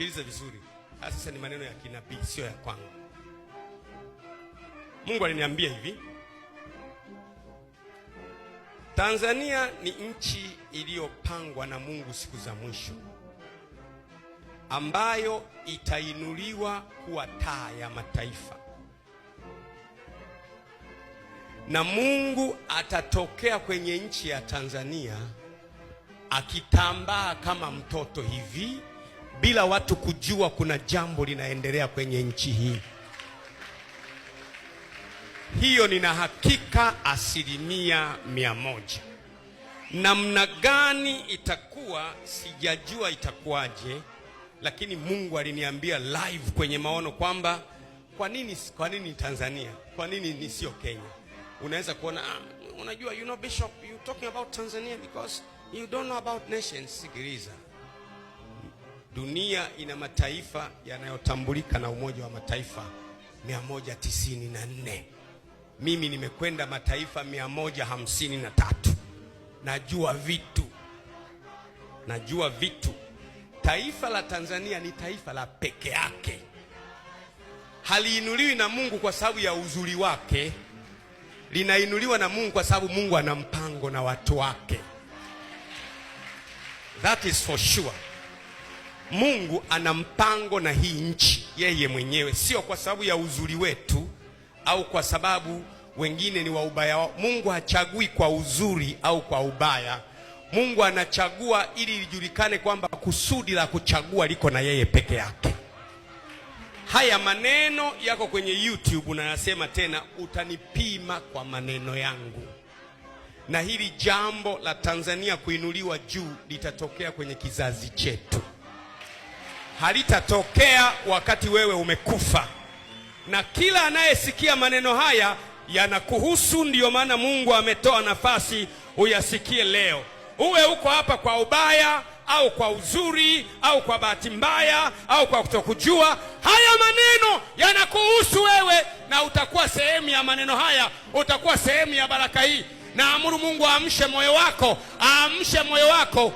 Nisikilize vizuri. Haya ah, sasa ni maneno ya kinabii, sio ya kwangu. Mungu aliniambia hivi, Tanzania ni nchi iliyopangwa na Mungu siku za mwisho, ambayo itainuliwa kuwa taa ya mataifa, na Mungu atatokea kwenye nchi ya Tanzania akitambaa kama mtoto hivi bila watu kujua kuna jambo linaendelea kwenye nchi hii. Hiyo nina hakika asilimia mia moja. Namna gani itakuwa sijajua itakuwaje, lakini Mungu aliniambia live kwenye maono kwamba kwa nini, kwa nini Tanzania, kwa nini ni sio Kenya? Unaweza kuona ah, unajua, you know, Bishop, you talking about Tanzania because you don't know about nations. Sikiliza. Dunia ina mataifa yanayotambulika na Umoja wa Mataifa 194. Mimi nimekwenda mataifa 153. Najua vitu, najua vitu. Taifa la Tanzania ni taifa la peke yake, haliinuliwi na Mungu kwa sababu ya uzuri wake, linainuliwa na Mungu kwa sababu Mungu ana mpango na watu wake. That is for sure. Mungu ana mpango na hii nchi yeye mwenyewe, sio kwa sababu ya uzuri wetu au kwa sababu wengine ni wa ubaya wao. Mungu hachagui kwa uzuri au kwa ubaya. Mungu anachagua ili lijulikane kwamba kusudi la kuchagua liko na yeye peke yake. Haya maneno yako kwenye YouTube, unayasema tena, utanipima kwa maneno yangu. Na hili jambo la Tanzania kuinuliwa juu litatokea kwenye kizazi chetu halitatokea wakati wewe umekufa, na kila anayesikia maneno haya yanakuhusu. Ndiyo maana Mungu ametoa nafasi uyasikie leo, uwe uko hapa kwa ubaya au kwa uzuri au kwa bahati mbaya au kwa kutokujua, haya maneno yanakuhusu wewe, na utakuwa sehemu ya maneno haya, utakuwa sehemu ya baraka hii. Naamuru Mungu aamshe moyo wako, aamshe moyo wako.